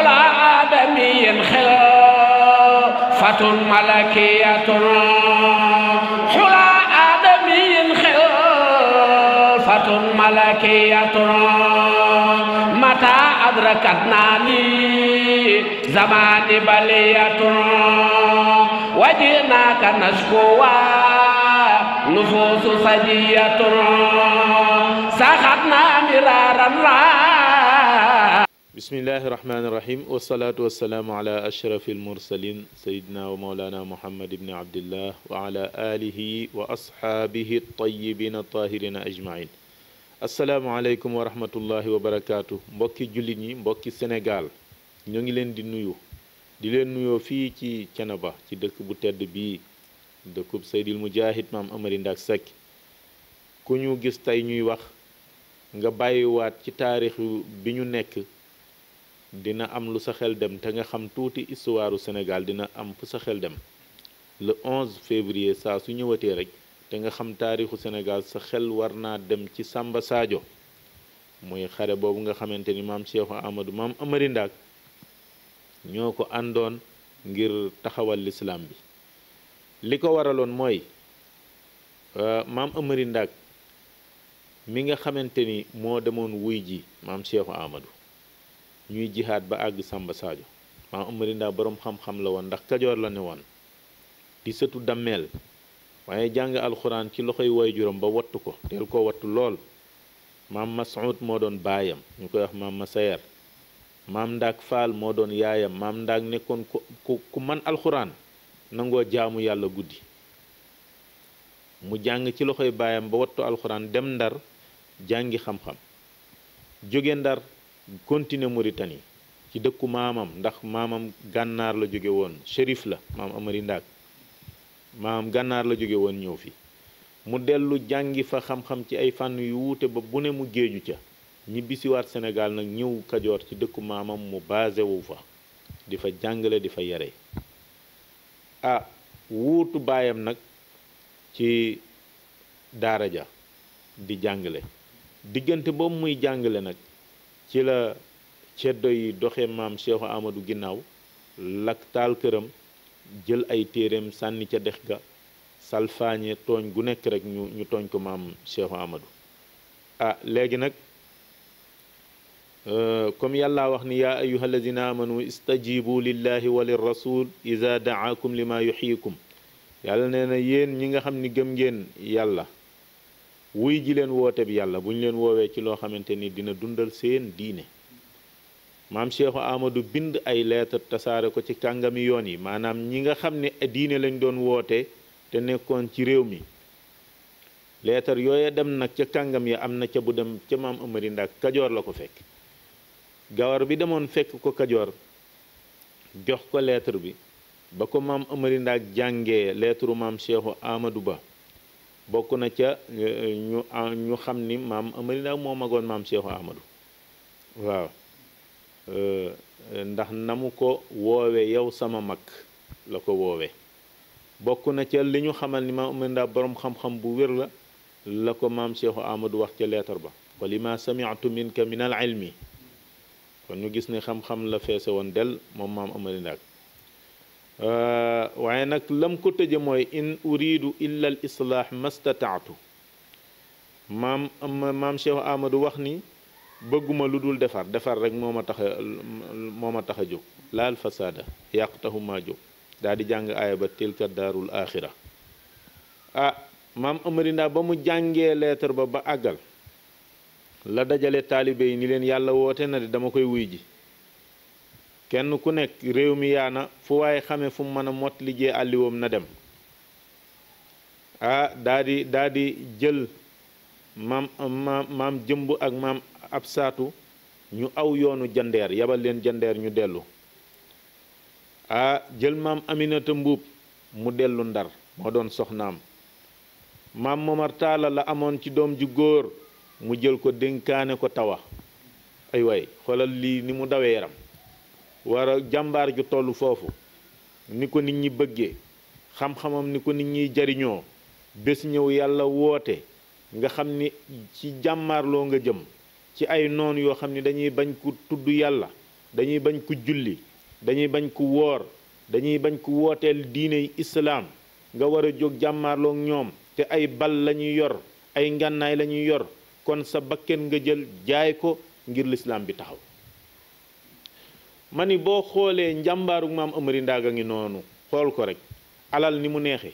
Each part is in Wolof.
العالمين خلافة ملكية حلى آدمي خلافة ملكية متى أدركتنا زمان بلية وجئناك نشكوى نفوس صجية سخطنا مرارا رأى بسم الله الرحمن الرحيم والصلاة والسلام على أشرف المرسلين سيدنا ومولانا محمد بن عبد الله وعلى آله وأصحابه الطيبين الطاهرين أجمعين السلام عليكم ورحمة الله وبركاته بوكي جوليني بوكي سنغال نيونغي لين دي نيو دي لين نيو في تي تيانابا تي دك بو تيد بي دكوب سيد المجاهد مام أمري دك سك ku جستاي gis tay ñuy nga bayiwaat ci taarix bi ñu nekk dina am lu sa xel dem te nga xam tuuti histoire Sénégal dina am fu sa xel dem le 11 février saa su ñëwatee rek te nga xam taarixu Sénégal sa xel war naa dem ci sàmba Sadio mooy xare boobu nga xamante ni maam Cheikhu Amadou maam Amari ndaag ñoo ko àndoon ngir taxawal lislaam bi li ko waraloon mooy euh, maam Amari Ndaak mi nga xamante ni moo demoon wuy ji maam Cheikhu Amadou ñuy jihaat ba àgg Samba Sadio maam Amarinda borom xam-xam la woon ndax kajoor la ne woon di sëtu dammeel waaye jàng alxuraan ci loxoy waajuram ba wattu ko teel ko wattu lool maam Masoud moo doon baayam ñu koy wax maam Masayer maam Ndaak Faal moo doon yaayam maam Ndaak nekkoon ku ku man alxuraan nangoo jaamu yàlla guddi mu jàng ci loxoy baayam ba wattu alxuraan dem ndar jàngi xam-xam jóge ndar. continuer Mauritanie ci dëkku maamam ndax maamam gànnaar la jóge woon shérif la maam Amari Ndaak maamam gànnaar la jóge woon ñëw fi mu dellu jàngi fa xam-xam ci ay fànn yu wuute ba bu ne mu géeju ca ñibbisiwaat Sénégal nag ñëw Kajoor ci dëkku maamam mu baasewu fa di fa jàngale di fa yare ah wuutu baayam nag ci daara ja di jàngale diggante boobu muy jàngale nag ci la ceddo yi doxe maam Cheikhu amadu ginnaaw lak taal këram jël ay téeréem sànni ca dex ga salfaañe tooñ gu nekk rek ñu ñu tooñ ko maam Cheikhu amadu ah léegi nag euh, comme yàlla wax ni yaa ayuha alladina amanu istajibu lillahi wa lirrasul ida daakum li ma yuxyikum yàlla nee na yéen ñi nga xam ni gëm ngeen yàlla wuy ji leen woote bi yàlla bu ñu leen woowee ci loo xamante ni dina dundal seen diine maam Cheikhu amadu bind ay lettre tasaare ko ci kàngami yoon yi maanaam ñi nga xam ne diine lañ doon woote te nekkoon ci réew mi leetar yooye dem nag ca kàngam ya am na ca bu dem ca maam Amari Ndak kajoor la ko fekk gawar bi demoon fekk ko kajoor jox ko leetar bi ba ko maam Amari Ndak jàngee leetaru maam Cheikhu Amadou Ba bokku na ca ñu ñu xam ni maam amari nag moo magoon maam Cheikhu Ahmadou waaw ndax na mu ko woowe yow sama mag la ko woowe bokk na ca li ñu xamal ni maam amari borom xam-xam bu wér la la ko maam Cheikhu Ahmadou wax ca leetar ba wa lima samiatu minka min al ilmi kon ñu gis ne xam-xam la feese woon del moom maam amari nag waaye nag lam ko tëje mooy in uridu illa al islaax mastataatu maam maam Cheikh Amadou wax ni bëgguma lu dul defar defar rek moo ma tax a moo ma tax a jóg laal fasaada yàq taxu maa jóg daal di jàng aaya ba tilka daarul axira ah maam Amari Ndaa ba mu jàngee leetar ba ba àggal la dajale taalibe yi ni leen yàlla woote na de dama koy wuy ji kenn ku nekk réew mi yaana fu waaye xamee fu mën a mot liggéey àlliwoom na dem ah daa di jël maam maam maam jëmb ak ab saatu ñu aw yoonu jandeer yabal leen jandeer ñu dellu ah jël maam aminata mbuub mu dellu ndar moo doon soxnaam maam momar taala la amoon ci doom ju góor mu jël ko dénkaane ko tawa ay waay xoolal lii ni mu dawee yaram war a jàmbaar ju toll foofu ni ko nit ñi bëggee xam-xamam ni ko nit ñiy jariñoo bés ñëw yàlla woote nga xam ni ci jàmmaarloo nga jëm ci ay noon yoo xam ni dañuy bañ ku tudd yàlla dañuy bañ ku julli dañuy bañ ku woor dañuy bañ ku wooteel diine islaam nga war a jóg jàmmaarloo ñoom te ay bal lañuy yor ay ngànnaay lañuy yor kon sa bakken nga jël jaay ko ngir lislaam bi taxaw ma ni boo xoolee njàmbaaru maam Amari a ngi noonu xool ko rek alal ni mu neexe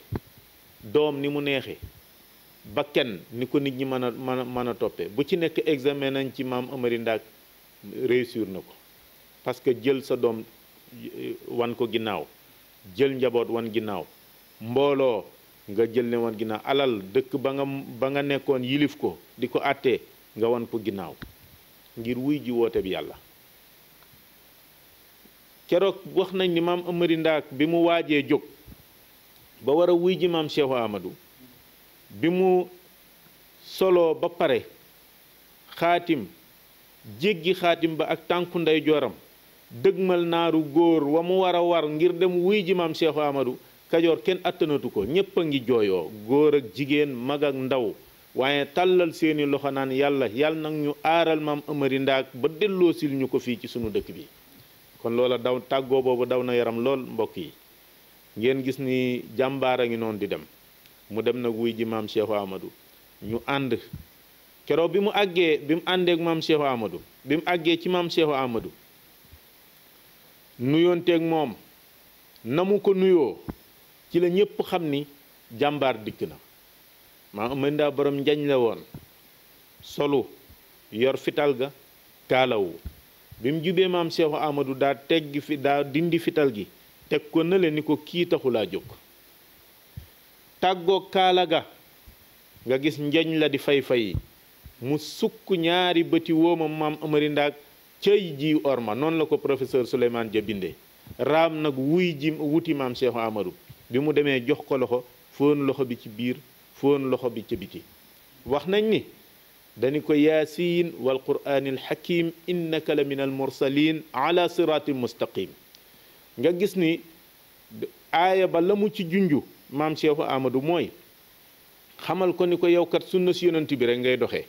doom ni mu neexe ba kenn ni ko nit ñi mën a man a mën a toppee bu ci nekk examen nañ ci maam Amari Ndaag réussir na ko parce que jël sa doom wan ko ginnaaw jël njaboot wan ginnaaw mbooloo nga jël ne wan ginnaaw alal dëkk ba nga ba nga nekkoon yilif ko di ko àttee nga wan ko ginnaaw ngir wuy ji woote bi yàlla keroog wax nañ ni maam Amari Ndaak bi mu waajee jóg ba war a wuy ji maam Cheikhu Amadou bi mu solo ba pare xaatim jéggi xaatim ba ak tànku ndeyjooram jooram dëgmal naaru góor wa mu war a war ngir dem wuy ji maam Cheikhu Amadou kajoor kenn attanatu ko ñépp a ngi jooyoo góor ak jigéen mag ak ndaw waaye tàllal seeni loxo naan yàlla yàlla nag ñu aaral maam Amari Ndaak ba delloosil ñu ko fii ci sunu dëkk bi kon loola daw tàggoo boobu daw na yaram lool mbokk yi ngeen gis ni jàmbaar a ngi noonu di dem mu dem nag wuy ji maam Cheikh Amadou ñu ànd keroog bi mu àggee bi mu àndeek maam Cheikh Amadou bi àggee ci maam Cheikh Amadou nuyoonteeg moom na mu ko nuyoo ci la ñépp xam ni jàmbaar dikk na maa mën daa borom njañ la woon solu yor fital ga kaalawu bi mu jubee maam Seexu Amadu daa teggi fi daa dindi fital gi teg ko na le ni ko kii taxulaa jóg tàggoo kaala ga nga gis njeñ la di fay fay mu sukk ñaari bëti woomam maam amari cëy ji orma noonu la ko professeur Souleymane Dia binde raam nag wuy ji wuti maam Seexu Amadu bi mu demee jox ko loxo foon loxo bi ci biir foon loxo bi ci biti wax nañ ni dañu ko yaasiin wal quraanil xakim innaka la min al mursalin ala siraatin mustaqim nga gis ni aaya ba la mu ci junju maam Cheikhu Amadou mooy xamal ko ni ko yow kat sunna si yonent bi rek ngay doxee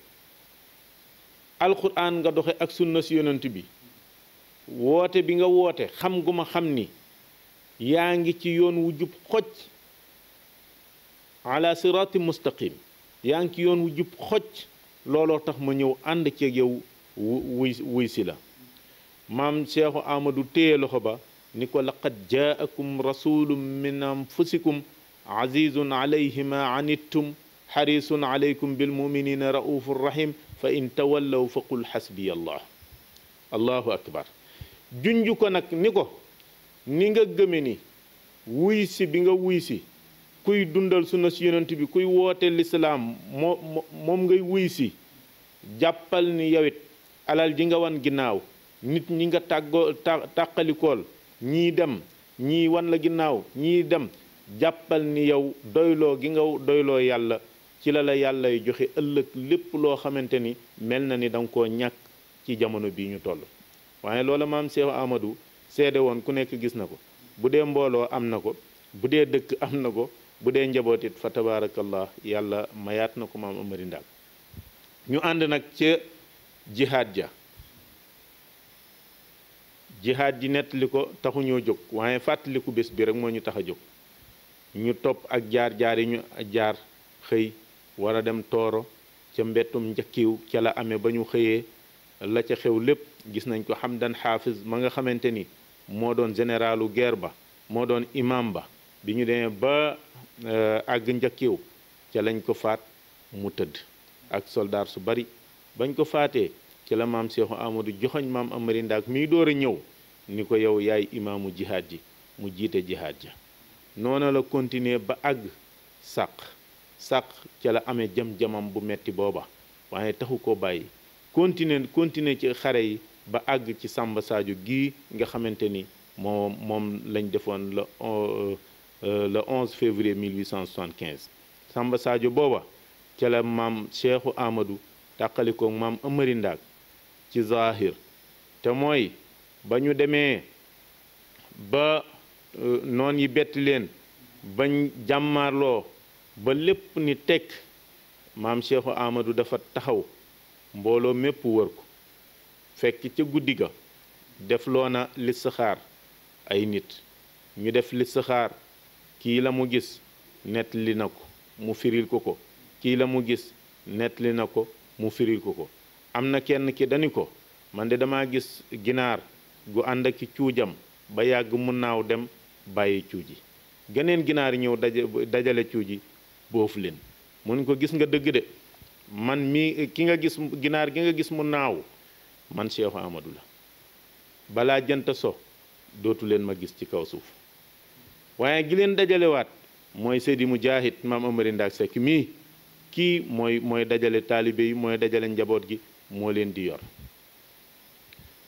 alquran nga doxe ak sunna si yonent bi woote bi nga woote xam gu ma xam ni yaa ngi ci yoon wu jub xoj ala siraatin mustaqim yaa ngi ci yoon wu jub xoj lolo tax ma ñëw ànd ci ak yow wuy wuy si la maam Cheikhu Amadou téye loxo ba ni ko laqad jaakum rasulun min anfusikum azizun alayhi ma anittum harisun alaykum bil mu'minina raufur rahim fa in tawallaw fa qul xasbiya allah allahu akbar junjuko nak nag ni ko ni nga gëme ni wuy si bi nga wuy si kuy dundal sunna si yonent bi kuy woote lislaam moom ngay wuyu si jàppal ni yowit alal ji nga wan ginnaaw nit ñi nga tàggoo tàqalikool ñii dem ñii wan la ginnaaw ñii dem jàppal ni yow doyloo gi nga doyloo yàlla ci la la yàlla joxe ëllëg lépp loo xamante ni mel na ni da nga ñàkk ci jamono bii ñu toll waaye loola maam Cheikh Amadou seede woon ku nekk gis na ko bu dee mbooloo am na ko bu dee dëkk am na ko bu dee njabootit it fa tabaarakallah yàlla mayaat na ko maam amari ndaal ñu ànd nag ca jihaad ja jihaad ji nettali ko taxuñoo jóg waaye fàttaliku bés bi rek moo ñu tax a jóg ñu topp ak jaar-jaar yi ñu jaar xëy war a dem tooro ca mbettum njëkkiw ca la amee ba ñu xëyee la ca xew lépp gis nañ ko Hamdan Hafiz ma nga xamante ni moo doon généralu guerre ba moo doon imaam ba bi ñu demee ba euh, àgg njëkkew ca lañ ko faat mu tëdd ak soldaar su bari bañ ko faatee ci la maam Seexu Amadou joxoñ maam Amari Ndaak mii door a ñëw ni ko yow yaay imaamu jihaad ji mu jiite jihaad ja noona la continuer ba àgg sàq sàq ca la amee jëm jamam bu metti booba waaye taxu ko bàyyi continuer continuer ci xare yi ba àgg ci Samba Sadio gii nga xamante ni moom moom lañ defoon la Euh, le 11 février 1875 Samba Sadio booba ca la maam Cheikhu Amadou tàqalikoo maam Amari Ndaak ci zahir te mooy ba ñu demee ba euh, noon yi bett leen bañ jàmmaarloo ba lépp ni tekk maam Cheikhu Amadou dafa taxaw mbooloo mépp wër ko fekk ca guddi ga def loo na listixaar ay nit ñu def listixaar kii la mu gis nettali na ko mu firil ko ko kii la mu gis nettali na ko mu firil ko ko am na kenn ki dañu ko man de damaa gis ginaar gu ànd ak cuujam ba yàgg mu naaw dem bàyyi cuuji geneen ginaar ñëw daja dajale cuuji boofu leen mun ko gis nga dëgg de man mii ki nga gis ginaar gi nga gis mu naaw man Cheikh Amadou la balaa jant so dootu leen ma gis ci kaw suuf waaye gi leen dajalewaat mooy sëdi mu jaahit maam amari ndaag sekk mii kii mooy mooy dajale taalibé yi mooy dajale njaboot gi moo leen di yor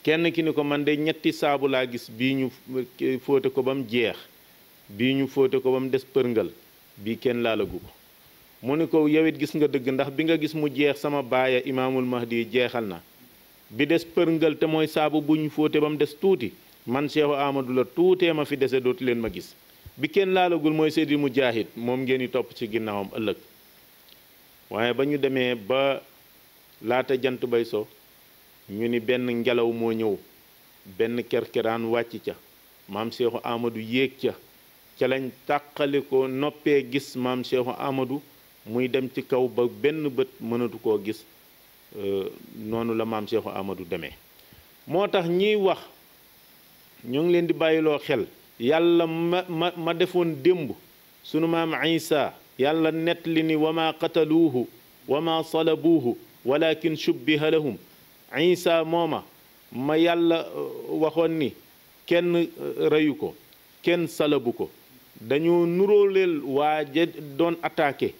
kenn ki ni ko man de ñetti saabu laa gis bii ñu fóote ko bam jeex bii ñu fóote ko bam des përngal bii kenn laa la gub mu ni ko yowit gis nga dëgg ndax bi nga gis mu jeex sama baaya imaamul mahdi jeexal na bi des përngal te mooy saabu bu ñu fóote bam des tuuti man cheikhu amadou la tuutee ma fi dese dootu leen ma gis bi kenn laalagul mooy mu Mujahid moom ngeen di topp ci ginnaawam ëllëg waaye ba ñu demee ba laata jant bay so ñu ni benn ngelaw moo ñëw benn kerkeraan wàcc ca maam Seexu Amadou yéeg ca ca lañ tàqali ko noppee gis maam Seexu amadu muy dem ci kaw ba benn bët mënatu koo gis euh, noonu la maam Seexu Amadou demee moo tax ñiy wax ñoo ngi leen di bàyyiloo xel yàlla ma ma defoon démb sunu maam isa yàlla nettali ni wa maa qataluuhu wa maa salabuuhu walakin shubbiha lahum isa mooma ma yàlla uh, waxoon ni kenn uh, reyu ko kenn salabu ko dañu nuróoleel waa ja doon attaqué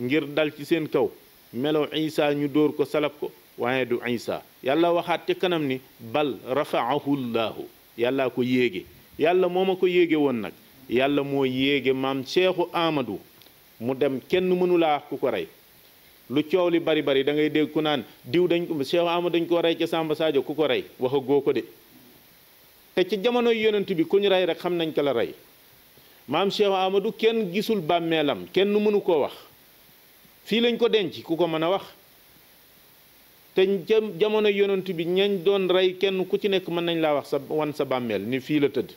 ngir dal ci seen kaw melow isa ñu dóor ko salab ko waaye du isa yàlla waxaat ca kanam ni bal rafaahu llaahu ko yéege yàlla moo ma ko yéege woon nag yàlla moo yéege maam Seexu Amadu mu dem kenn mënulaa ku ko rey lu coow li bari bari dangay dégg ku naan diw dañ ko Seexu Amadu dañ ko rey ca Samba ku ko rey wax ko de te ci jamono yonent bi ku ñu rek xam nañ ko la rey maam Seexu Amadu kenn gisul bàmmeelam kenn mënu koo wax fii lañ ko denc ku ko mën a wax te jamono yonent bi ñañ doon rey kenn ku ci nekk mën nañ laa wax sa wan sa bàmmeel ni fii la tëdd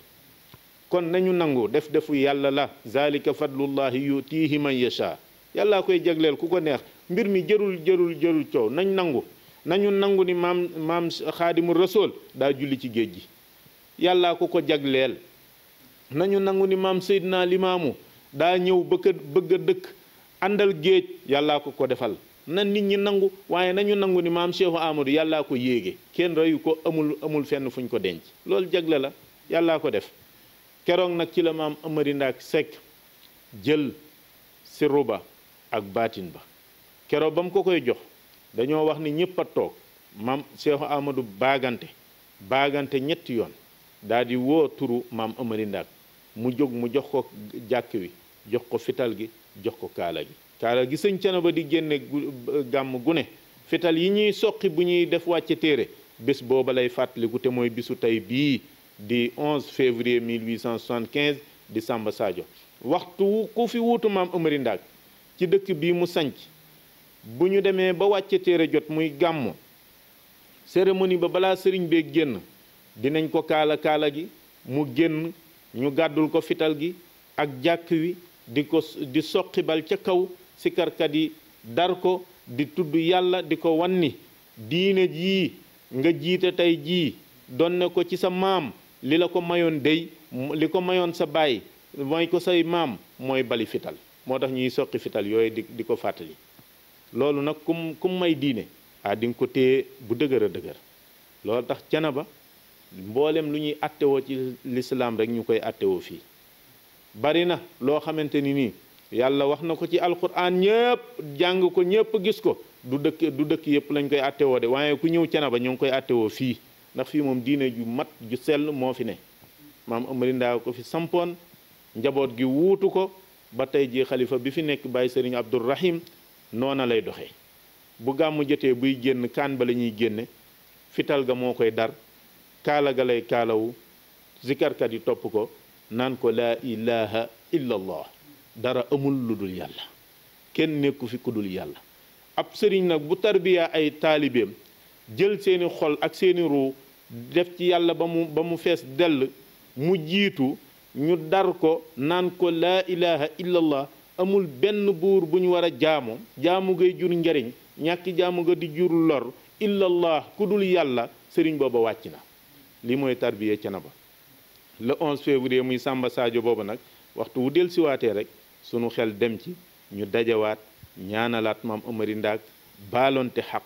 kon nañu nangu def defu yàlla la zalika fadlullahi yutihi man yasha yàllaa koy jagleel ku ko neex mbir mi jërul jarul jërul coow nañ nangu nañu nangu ni maam maam xaadimu rasool daa julli ci géej gi yàlla ko ko jagleel nañu nangu ni maam seydina limaamu daa ñëw bëgg a dëkk àndal géej yàllaa ko ko defal na nit ñi nangu waaye nañu nangu ni maam Cheikhu Amadou yàllaa ko yéege kenn reyu ko amul amul fenn fu ñu ko denc loolu jagle la yàllaa ko def keroog nag ci la maam Amari Ndaak Seck jël sirru ba ak baatin ba keroog ba mu ko koy jox dañoo wax ni ñëpp a toog maam Cheikh Amadou baagante baagante ñetti yoon daldi woo turu maam Amari Ndaak mu jóg mu jox ko jàkk wi jox ko fital gi jox ko kaala gi kaala gi sëñ cana ba di génne gàmm gu fital yi ñuy soqi bu ñuy def wàcce téere bés booba lay fàttaliku te mooy bisu tey bii di 11 février 1875 di Samba Sadio waxtu ku fi wuutu maam Amari Ndaak ci dëkk bii mu sanc bu ñu demee ba wàcce téere jot muy gàmmu cérémonie ba balaa sëriñ bee génn dinañ ko kaala kaala gi mu génn ñu gàddul ko fital gi ak jàkk wi di ko di soqi bal ca kaw sikarkat yi dar ko di tudd yàlla di ko wanni diine jii nga jiite tey jii doon ko ci sa maam li la ko mayoon dey li ko mayoon sa baay mooy ko say maam mooy bali fital moo tax ñuy soqi fital yooyu di di ko fàttali loolu nag kum kum may diine ah di ko téye bu dëgër a dëgër loolu tax canaba mboolem lu ñuy woo ci lislaam rek ñu koy attewoo fii bari na loo xamante ni nii yàlla wax na ko ci alquran ñëpp jàng ko ñëpp gis ko du dëkk du dëkk yëpp lañ koy woo de waaye ku ñëw canaba ñu ngi koy attewoo fii ndax fii moom diine ju mat ju sell moo fi ne maam amari ko fi sampoon njaboot gi wuutu ko ba tey ji xalifa bi fi nekk bàyyi sëriñ abdourahim noona lay doxe bu gàmmu jotee buy génn kaan ba la ñuy génne fital ga moo koy dar kaala ga lay kaalawu zikarkat yi topp ko naan ko laa ilaha illa dara amul lu dul yàlla kenn nekku fi ku dul yàlla ab sëriñ nag bu tarbiya ay taalibeem jël seeni xol ak seeni ruu def ci yàlla ba mu ba mu fees dell mu jiitu ñu dar ko naan ko laa ilaha illallah amul benn buur bu ñu war a jaamu jaamu ngay jur njariñ ñàkki jaamu nga di jur lor illallah ku dul yàlla sëriñ booba wàcc na li mooy tarbiye ca na ba le 11 février muy sàmba Sadio boobu nag waxtu wu del siwaatee rek sunu xel dem ci ñu dajawaat ñaanalaat maam Amari Ndaak baalonte xaq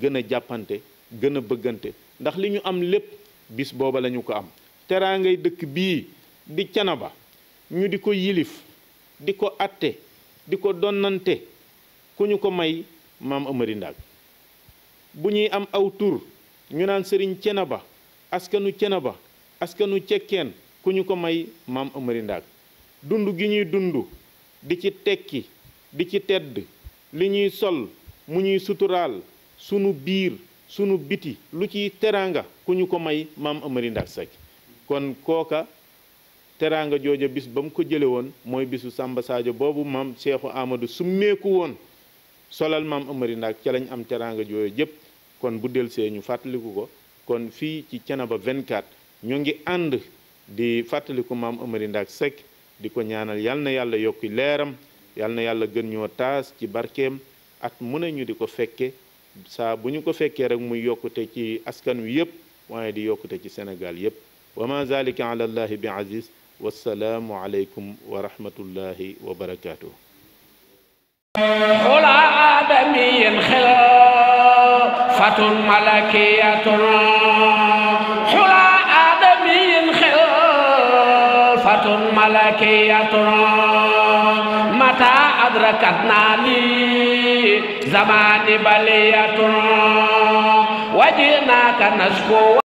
gën a jàppante gën a bëggante ndax li ñu am lépp bis booba lañu ko am teraangay dëkk bii di canaba ñu di ko yilif di ko atte di ko donnante ku ñu ko may maam Amari Ndaag bu ñuy am aw tur ñu naan sëriñ canaba askanu canaba askanu cekkeen ku ñu ko may maam Amari Ndaag dund gi ñuy dund di ci tekki di ci tedd li ñuy sol mu ñuy suturaal sunu biir sunu biti lu ci teraanga ku ñu ko may maam Amary Ndack Seck kon kooka teraanga jooja bis ba mu ko jële woon mooy bisu Samba Sadio boobu maam Cheikhu amadu summeeku woon solal maam Amary Ndack ca lañ am teraanga jooja jëpp kon bu see ñu fàttaliku ko kon fii ci Thiénaba 24 ñu ngi ànd di fàttaliku maam Amary Ndack Seck di ko ñaanal yal na yàlla yokki leeram yal na yàlla gën ñoo taas ci barkeem at mu ne ñu di ko fekke sa buñu ko fekke rek muy yokute ci askan wi yep waaye di yokute ci Sénégal yep wa ma zalika ala allah bi aziz wassalaamu alaykum wa rahmatullahi wa barakatuh xula aadamiyin xilafatun malakiyatun xula aadamiyin xilafatun malakiyatun mata adrakatna li zamani baliyatun wajinaka nasko